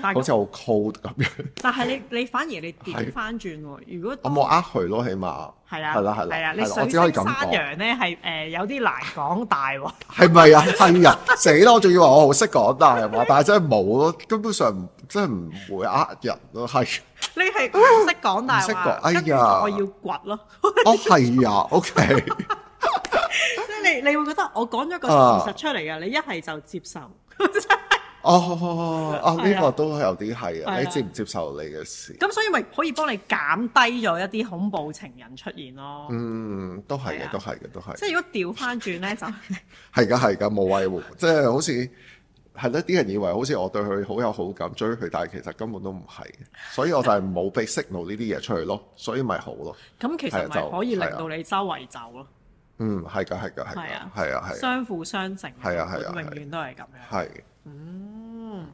好似好 cold 咁樣，但係你你反而你點翻轉，如果我冇呃佢咯，起碼係啊，係啦，係啦，係啊，你水星山羊咧係誒有啲難講大話，係咪啊？係啊，死啦！我仲要話我好識講大話，但係真係冇咯，根本上真係唔會呃人咯，係你係唔識講大話，哎呀，我要掘咯，哦係呀，OK，即係你你會覺得我講咗個事實出嚟㗎，你一係就接受。哦，啊，呢個都有啲係啊，你接唔接受你嘅事？咁所以咪可以幫你減低咗一啲恐怖情人出現咯。嗯，都係嘅，都係嘅，都係。即係如果調翻轉咧，就係噶係噶，無謂，即係好似係咯，啲人以為好似我對佢好有好感，追佢，但係其實根本都唔係，所以我就係冇被 signal 呢啲嘢出去咯，所以咪好咯。咁其實就可以令到你周圍走咯。嗯，係噶係噶係啊係啊係，相輔相成，係啊係啊，永遠都係咁樣。係。嗯，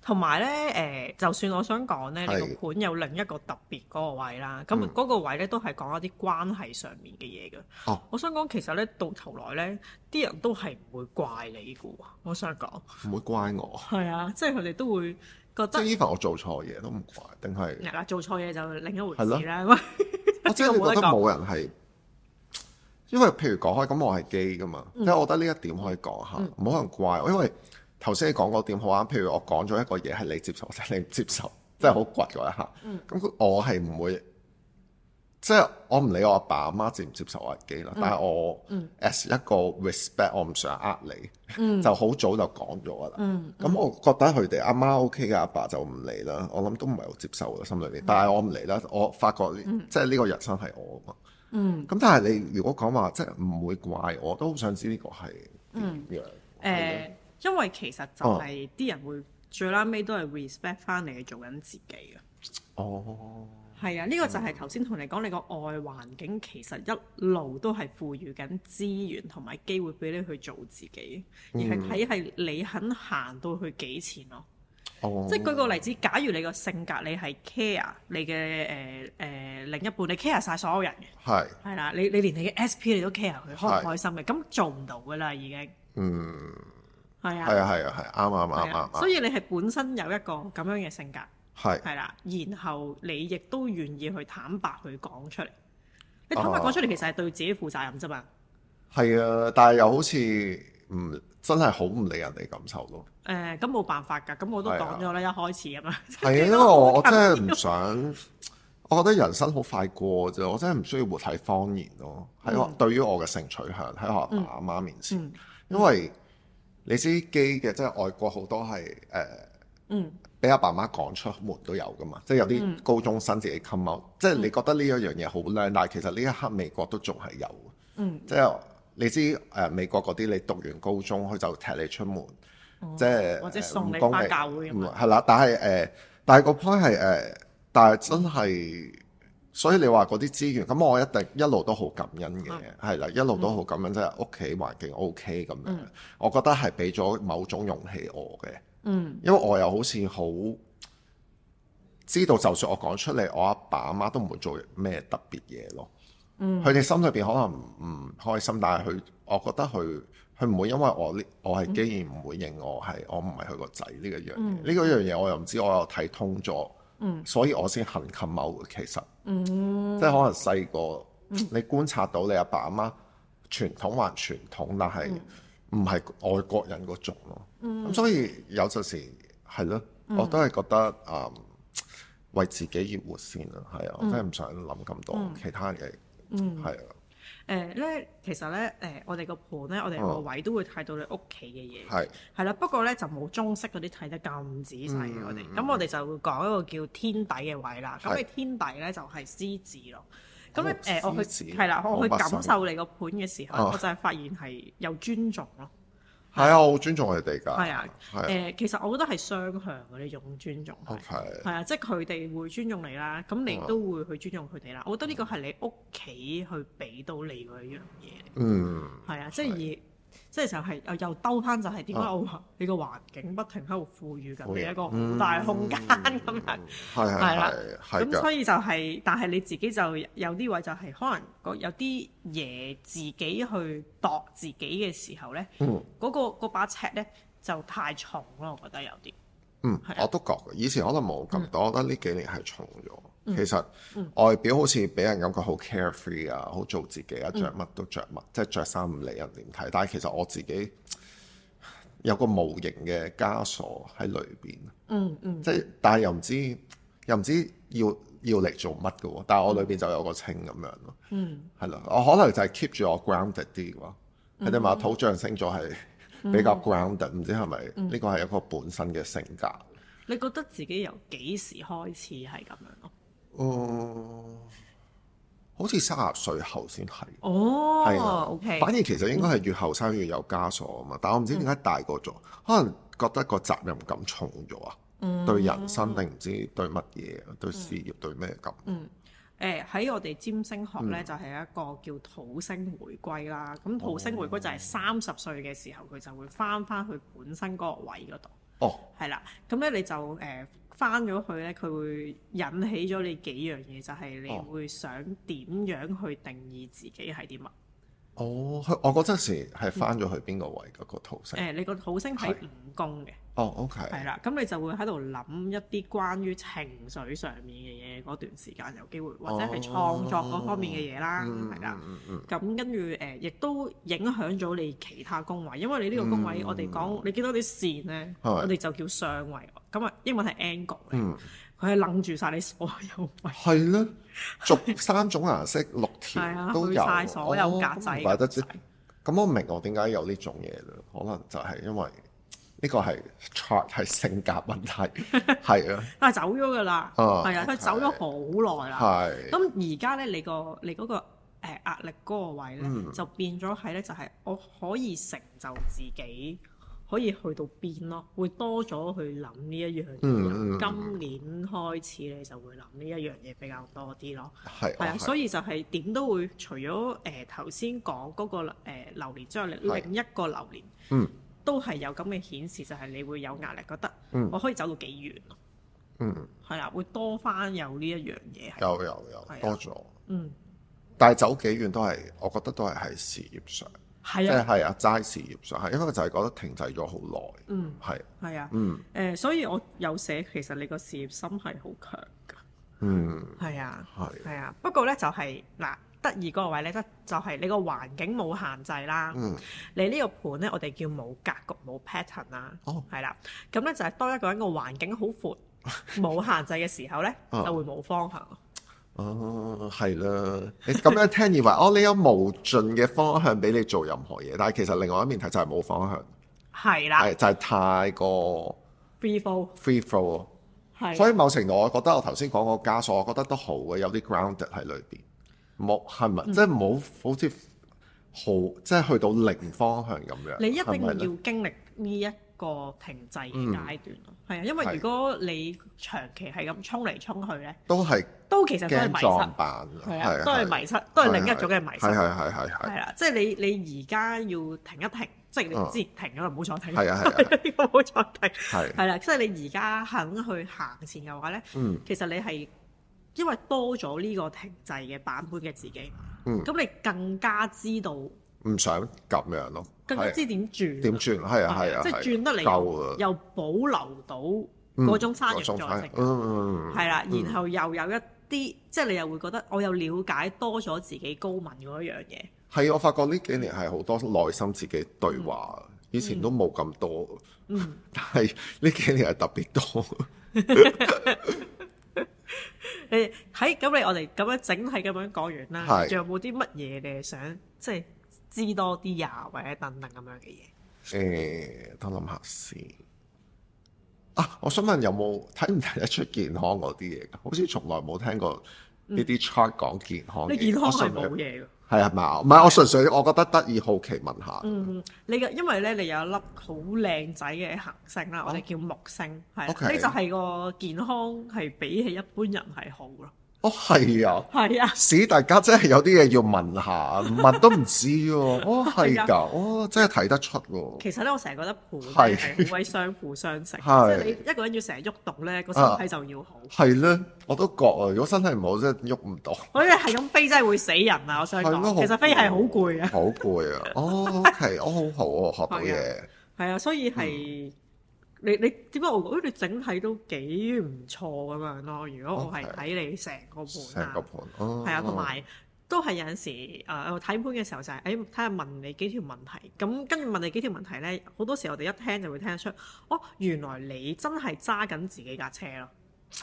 同埋咧，誒，就算我想講咧，呢個盤有另一個特別嗰個位啦，咁嗰個位咧都係講一啲關係上面嘅嘢噶。我想講其實咧，到頭來咧，啲人都係唔會怪你嘅喎。我想講唔會怪我，係啊，即係佢哋都會覺得。即係 e v 我做錯嘢都唔怪，定係？啊做錯嘢就另一回事啦。我真係覺得冇人係，因為譬如講開咁，我係基 a 噶嘛，即係我覺得呢一點可以講下，冇可能怪，因為。頭先你講嗰點好啱，譬如我講咗一個嘢係你接受，或者你唔接受，即係好倔一下。咁、嗯、我係唔會，即係我唔理我阿爸阿媽接唔接受我嘅機啦。但係我、嗯、as 一個 respect，我唔想呃你，嗯、就好早就講咗啦。咁我覺得佢哋阿媽 OK 嘅，阿爸，爸就唔嚟啦。我諗都唔係好接受嘅，心裏邊，但係我唔嚟啦。我發覺、嗯、即係呢個人生係我嘛。咁、嗯、但係你如果講話，即係唔會怪我，我都好想知呢個係點樣。嗯因為其實就係啲人會最撚尾都係 respect 翻嚟做緊自己嘅。哦，係啊，呢、這個就係頭先同你講，你個外環境其實一路都係賦予緊資源同埋機會俾你去做自己，嗯、而係睇係你肯行到去幾前咯。哦，即係舉個例子，假如你個性格你係 care 你嘅誒誒另一半，你 care 晒所有人嘅，係係啦，你你連你嘅 sp 你都 care 佢開唔開心嘅，咁做唔到噶啦，已經嗯。係啊，係啊，係啊，啱啊，啱啊，啱、啊、所以你係本身有一個咁樣嘅性格，係係啦，然後你亦都願意去坦白去講出嚟。你坦白講出嚟，其實係對自己負責任啫嘛。係啊，啊，但係又好似唔真係好唔理人哋感受咯、啊。誒，咁冇辦法噶，咁我都講咗啦，一開始啊嘛。係啊，因為我真係唔想， (laughs) 我覺得人生好快過啫，我真係唔需要活喺謊言咯、啊。喺、嗯、對於我嘅性取向喺阿阿媽面前，嗯、因為。你知機嘅，即係外國好多係誒，呃、嗯，俾阿爸媽趕出門都有噶嘛，即係有啲高中生自己 come out、嗯，即係你覺得呢一樣嘢好靚，但係其實呢一刻美國都仲係有，嗯，即係你知誒、呃、美國嗰啲你讀完高中佢就踢你出門，嗯、即係或者送你返教會咁啊，係啦，但係誒、呃，但係個 point 係誒、呃，但係真係。嗯。所以你話嗰啲資源，咁我一定一路都好感恩嘅，係啦，一路都好感、啊、感恩，即係屋企環境 OK 咁樣。嗯、我覺得係俾咗某種勇氣我嘅，嗯，因為我又好似好知道，就算我講出嚟，我阿爸阿媽、媽都唔會做咩特別嘢咯。佢哋、嗯、心裏邊可能唔開心，但係佢，我覺得佢，佢唔會因為我呢，我係竟然唔會認我係，我唔係佢個仔呢個樣嘢。呢個樣嘢，我又唔知，我又睇通咗。嗯、所以我先行級某嘅，其實，嗯、即係可能細個，嗯、你觀察到你阿爸阿媽傳統還傳統，但係唔係外國人嗰種咯，咁、嗯嗯、所以有陣時係咯，我都係覺得啊、嗯，為自己而活先啦，係啊，真係唔想諗咁多、嗯、其他人嘅、嗯，嗯，係啊。誒咧、呃，其實咧，誒我哋個盤咧，我哋個位都會睇到你屋企嘅嘢，係係啦。不過咧就冇中式嗰啲睇得咁仔細嘅我哋。咁、嗯、我哋就會講一個叫天底嘅位啦。咁你天底咧就係獅子咯。咁咧誒，我去係啦，我去感受你個盤嘅時候，我，我就係發現係有尊重咯。Oh. 係啊，yeah, Yeah. 我好尊重佢哋㗎。係啊，誒，其實我覺得係雙向嘅呢種尊重。係，係啊，即係佢哋會尊重你啦，咁你都會去尊重佢哋啦。Uh. 我覺得呢個係你屋企去俾到你嗰樣嘢。嗯，係啊，即係以。即係成日又又兜翻就係點解？我話、啊哦、你個環境不停喺度賦予緊你一個大空間咁樣，係啦。咁所以就係、是，但係你自己就有啲位就係、是、可能有啲嘢自己去度自己嘅時候咧，嗰、嗯那個把尺咧就太重咯。我覺得有啲，嗯，係我都覺以前可能冇咁多，我覺得呢、嗯、幾年係重咗。其實外表好似俾人感覺好 carefree 啊，好做自己啊，着乜都着乜，嗯、即係着衫唔理人點睇。但係其實我自己有個無形嘅枷鎖喺裏邊。嗯嗯。即係但係又唔知又唔知要要嚟做乜嘅喎。但係、啊、我裏邊就有個稱咁樣咯。嗯。係咯，我可能就係 keep 住我 grounded 啲嘅話，你啲、嗯、馬土象星座係比較 grounded，唔、嗯嗯、知係咪呢個係一個本身嘅性格？你覺得自己由幾時開始係咁樣咯？哦，好似三十歲後先係。哦，OK。反而其實應該係越後生越有枷鎖啊嘛，嗯、但我唔知點解大個咗，嗯、可能覺得個責任感重咗啊，嗯、對人生定唔知對乜嘢，嗯、對事業對咩咁、嗯嗯？嗯，誒、欸，喺我哋占星學咧，就係、是、一個叫土星回歸啦。咁、嗯嗯哦、土星回歸就係三十歲嘅時候，佢就會翻翻去本身嗰個位嗰度。哦，係啦，咁咧你就誒。嗯嗯嗯嗯嗯嗯嗯嗯翻咗去咧，佢會引起咗你幾樣嘢，就係、是、你會想點樣去定義自己係啲乜？哦，我我嗰陣時係翻咗去邊個位嗰、嗯、個土星？誒、呃，你個土星喺蜈蚣嘅。是哦，OK。係啦，咁你就會喺度諗一啲關於情緒上面嘅嘢嗰段時間，有機會或者係創作嗰方面嘅嘢啦，係啦、哦。的嗯，咁跟住誒，亦、呃、都影響咗你其他宮位，因為你呢個宮位，嗯、我哋講你見到啲線咧，的的我哋就叫雙位。咁啊，英文係 angle 嚟，佢係擸住晒你所有位。係咧，逐三種顏色六條都有晒所有格仔。我明白。得咁我唔明我點解有呢種嘢啦？可能就係因為呢個係 chart 係性格問題，係啊。但係走咗㗎啦，係啊，佢走咗好耐啦。係。咁而家咧，你個你嗰個誒壓力嗰個位咧，就變咗係咧，就係我可以成就自己。可以去到邊咯？會多咗去諗呢一樣嘢。嗯、今年開始你就會諗呢一樣嘢比較多啲咯。係啊，啊所以就係點都會除咗誒頭先講嗰個誒、呃、流年之外，啊、另一個流年、嗯、都係有咁嘅顯示，就係、是、你會有壓力，覺得我可以走到幾遠咯、啊。嗯，係啊，會多翻有呢一樣嘢係。有有有，多咗、啊。嗯，但係走幾遠都係，我覺得都係喺事業上。係啊，係、欸、啊，齋事業上係，因為就係覺得停滯咗好耐，係、嗯，係啊，嗯，誒，所以我有寫，其實你個事業心係好強嘅，嗯，係啊，係啊，啊，不過咧就係、是、嗱，得意個位咧，得就係你個環境冇限制啦，嗯，你呢個盤咧，我哋叫冇格局、冇 pattern 啦，哦，係啦、啊，咁咧就係當一個人個環境好闊、冇限制嘅時候咧，就會冇方向。嗯嗯嗯。哦，係啦，你咁樣聽以為 (laughs) 哦，你有無盡嘅方向俾你做任何嘢，但係其實另外一面睇就係冇方向，係啦的，係就係、是、太過 free flow，free flow，係，fo, 的所以某程度我覺得我頭先講個枷鎖，我覺得都好嘅，有啲 grounded 喺裏邊，冇係咪？即係冇好似好即係、就是、去到零方向咁樣，你一定要經歷呢、這、一、個。個停滯嘅階段咯，係啊，因為如果你長期係咁衝嚟衝去咧，都係都其實都係迷失版，係啊，都係迷失，都係另一種嘅迷失，係係係係係啊，即係你你而家要停一停，即係你唔知停咗，唔好再停，係啊係啊，唔好再停，係，係啦，即係你而家肯去行前嘅話咧，其實你係因為多咗呢個停滯嘅版本嘅自己，嗯，咁你更加知道。唔想咁樣咯，更加知點轉？點轉？係啊係啊，即係轉得嚟又保留到嗰種山羊嘅狀態，係啦。然後又有一啲，即係你又會覺得我又了解多咗自己高文嗰樣嘢。係我發覺呢幾年係好多內心自己對話，以前都冇咁多，但係呢幾年係特別多。誒，喺咁你我哋咁樣整體咁樣講完啦，仲有冇啲乜嘢你想即係？知多啲呀、啊，或者等等咁樣嘅嘢。誒、欸，等諗下先。啊，我想問有冇睇唔睇得出健康嗰啲嘢？好似從來冇聽過呢啲 chart 講健康。你健康係冇嘢㗎。係啊，唔係，唔係的，我純粹我覺得得意好奇問下。嗯，你嘅因為咧，你有一粒好靚仔嘅行星啦，我哋叫木星，係啦，呢就係個健康係比起一般人係好咯。哦，係啊，係啊，使大家真係有啲嘢要問下，問 (laughs) 都唔知哦。哦，係噶、啊，啊、哦，真係睇得出咯。其實咧，我成日覺得陪係好鬼相輔相成。 (laughs) 啊、即係你一個人要成日喐毒咧，個身體就要好。係咧、啊啊，我都覺啊，如果身體唔好，真係喐唔到。 (laughs) 我以為係咁飛真係會死人啊！我想講，啊啊、其實飛係好攰啊。好攰 (laughs) 啊！哦，係、okay, 啊，我好好學到嘢。係 (laughs) 啊，啊，所以係。嗯你你點解我覺得你整體都幾唔錯咁樣咯？如果我係睇你成個盤啊，係、okay，啊，同埋、啊、都係有陣時誒睇、呃、盤嘅時候就係誒睇下問你幾條問題，咁、嗯、跟住問你幾條問題咧，好多時候我哋一聽就會聽得出，哦，原來你真係揸緊自己架車咯。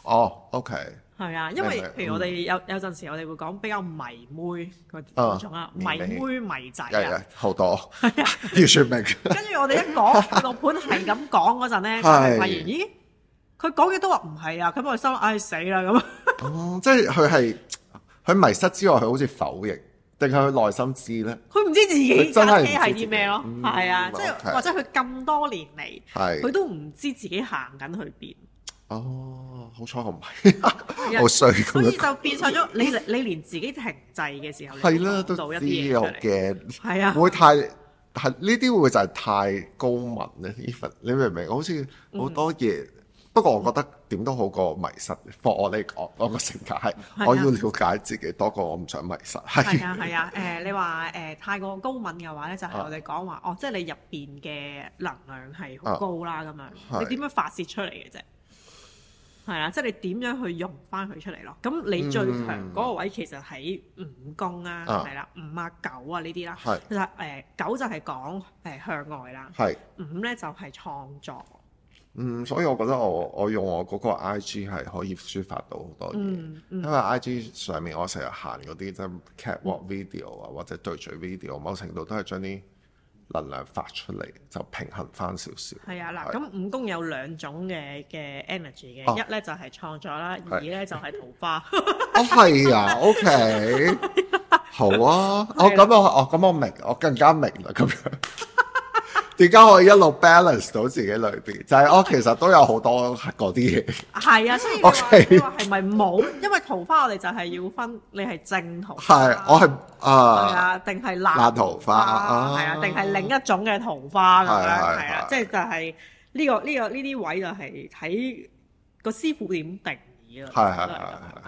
哦，OK，係啊，因為譬如我哋有有陣時，我哋會講比較迷妹嗰種啊，迷妹迷仔啊，好多，係啊，跟住我哋一講落盤係咁講嗰陣咧，就發現咦，佢講嘅都話唔係啊，咁我心諗唉死啦，咁即係佢係佢迷失之外，佢好似否認，定係佢內心知咧？佢唔知自己揸機係啲咩咯？係啊，即係或者佢咁多年嚟，佢都唔知自己行緊去邊。哦，好彩我唔係好衰咁樣，所以就變上咗你你連自己停滯嘅時候，係啦，都啲嘢我驚，係啊，會太係呢啲會唔會就係太高敏咧 Even 你明唔明？好似好多嘢，不過我覺得點都好過迷失。For 我嚟講，我個性格係，我要了解自己多過我唔想迷失。係啊係啊，誒你話誒太過高敏嘅話咧，就係我哋講話哦，即係你入邊嘅能量係好高啦咁樣，你點樣發泄出嚟嘅啫？係啦，即係你點樣去用翻佢出嚟咯？咁你最強嗰個位其實喺五宮啊，係、嗯啊、啦，五啊九啊呢啲啦。其實誒九、呃、就係講誒、呃、向外啦，係的五咧就係創作。嗯，所以我覺得我我用我嗰個 I G 係可以抒發到好多嘢，嗯嗯、因為 I G 上面我成日行嗰啲即係 catwalk video 啊，嗯、或者對嘴 video，某程度都係將啲能量發出嚟就平衡翻少少。係、okay、啊，嗱的，咁五宮有兩種嘅嘅 energy 嘅，一咧就係創作啦，二咧就係桃花。哦，係啊，OK，好啊，我咁我，哦咁我明，我更加明啦，咁樣。 (laughs) 點解可以一路 balance 到自己裏邊？就係我其實都有好多嗰啲嘢。係啊，所以話係咪冇？因為桃花我哋就係要分你係正桃花。係，我係啊。係啊，定係爛桃花啊？係啊，定係另一種嘅桃花咁樣？係啊，即係就係呢個呢個呢啲位就係睇個師傅點定義咯。係係係係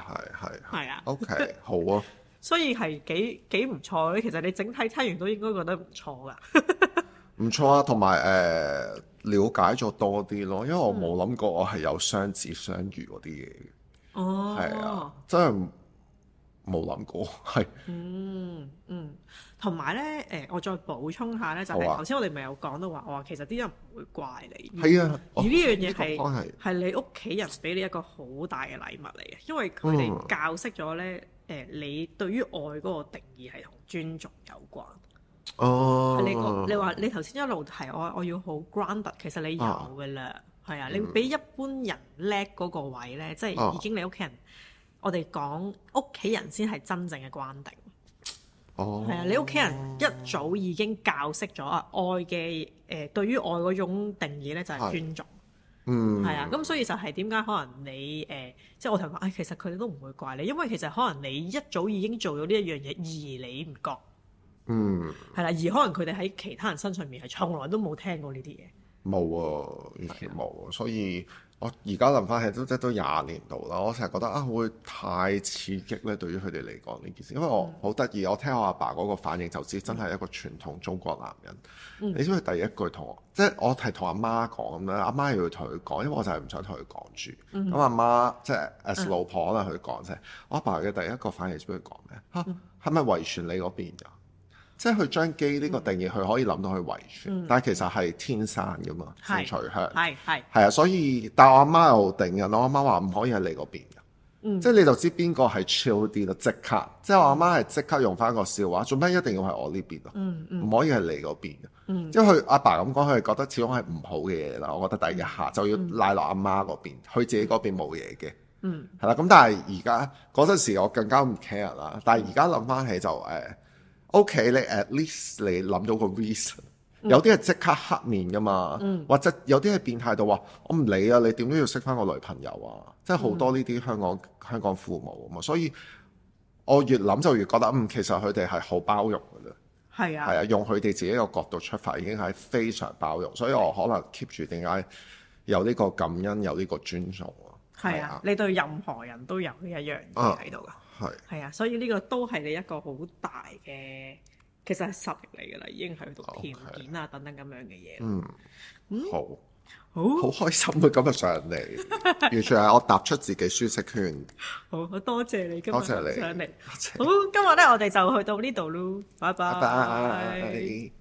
係係。係啊。OK，好啊。所以係幾幾唔錯嘅，其實你整體聽完都應該覺得唔錯噶。唔錯啊，同埋誒了解咗多啲咯，因為我冇諗過我係有雙子雙魚嗰啲嘢嘅，哦、嗯，係啊，真係冇諗過，係、嗯，嗯嗯，同埋咧誒，我再補充下咧，就係頭先我哋咪有講到話，我、哦、話其實啲人唔會怪你，係、呃、啊，而呢樣嘢係係你屋企人俾你一個好大嘅禮物嚟嘅，因為佢哋教識咗咧誒你對於愛嗰個定義係同尊重有關。哦、oh，你你話你頭先一路提我，我要好 grand，e, 其實你有嘅啦，係啊，你比一般人叻嗰個位咧，啊、即係已經你屋企人，我哋講屋企人先係真正嘅關定。哦，係啊，你屋企人一早已經教識咗啊，愛嘅誒、呃，對於愛嗰種定義咧就係尊重。嗯，係啊，咁所以就係點解可能你誒、呃，即係我頭先講、哎、其實佢哋都唔會怪你，因為其實可能你一早已經做咗呢一樣嘢，而你唔覺。嗯，係啦、mm.，而可能佢哋喺其他人身上面係從來都冇聽過呢啲嘢，冇啊，完全冇，所以我而家諗翻起都即都廿年度啦。我成日覺得啊，會唔會太刺激咧，對於佢哋嚟講呢件事，因為我好得意，我聽我阿爸嗰個反應就知，真係一個傳統中國男人。Mm. 你知唔知第一句同我？即係我係同阿媽講咁樣？阿媽又要同佢講，因為我就係唔想同佢講住咁。阿媽即係 as 老婆啦，佢講啫。我阿爸嘅第一個反應知唔知佢講咩嚇？係咪遺傳你嗰邊㗎？即係佢將機呢個定義，佢可以諗到去遺傳，嗯、但係其實係天生噶嘛，性取向係係係啊，所以但係我阿媽，媽又頂人，我阿媽話唔可以喺你嗰邊嘅，嗯、即係你就知邊個係 chill 啲咯，即刻即係我阿媽係即刻用翻個笑話，做咩一定要喺我呢邊咯？唔、嗯嗯、可以喺你嗰邊嘅，即係佢阿爸咁講，佢係覺得始終係唔好嘅嘢啦。我覺得第二下就要賴落阿媽嗰邊，佢、嗯、自己嗰邊冇嘢嘅，係啦、嗯。咁、嗯、但係而家嗰陣時我更加唔 care 啦，但係而家諗翻起就誒。呃 O.K. 你 at least 你諗到個 reason，、嗯、有啲係即刻黑面噶嘛，嗯、或者有啲係變態到話我唔理啊，你點都要識翻個女朋友啊，即係好多呢啲香港、嗯、香港父母啊嘛，所以我越諗就越覺得嗯，其實佢哋係好包容噶啦，係啊，係啊，用佢哋自己個角度出發已經係非常包容，所以我可能 keep 住點解有呢個感恩有呢個尊重啊，係啊，你對任何人都有呢一樣嘢喺度噶。Uh, 係，係啊，所以呢個都係你一個好大嘅，其實係實力嚟噶啦，已經係到甜點啊等等咁樣嘅嘢。Okay. 嗯，嗯好好好開心啊！今日上嚟， (laughs) 完全係我踏出自己舒適圈。好好多，多謝你，多謝你上嚟。好，今日咧我哋就去到呢度咯，拜拜。Bye bye